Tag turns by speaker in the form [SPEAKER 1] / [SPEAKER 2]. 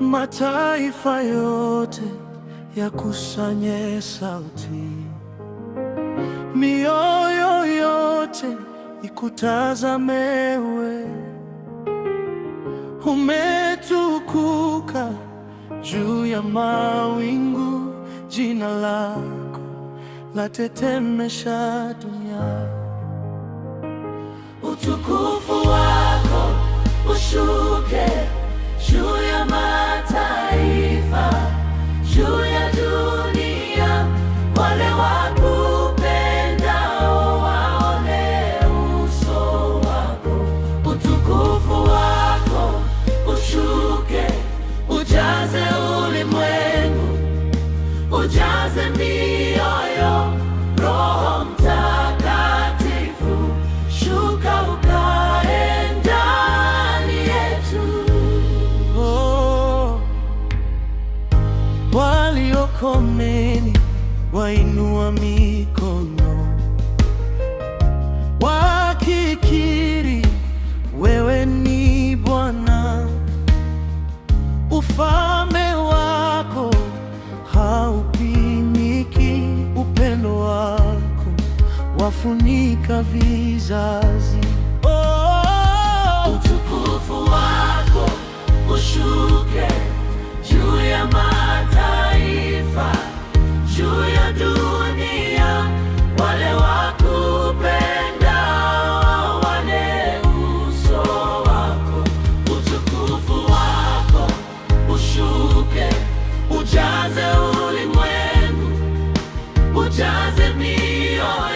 [SPEAKER 1] mataifa yote yakusanye sauti, mioyo yote ikutazame wewe. Umetukuka juu ya mawingu, jina lako latetemesha dunia.
[SPEAKER 2] Utukufu wako ushuka
[SPEAKER 1] wa mikono wakikiri, wewe ni Bwana, ufalme wako haupimiki, upendo wako wafunika vizazi.
[SPEAKER 2] ujaze mioyo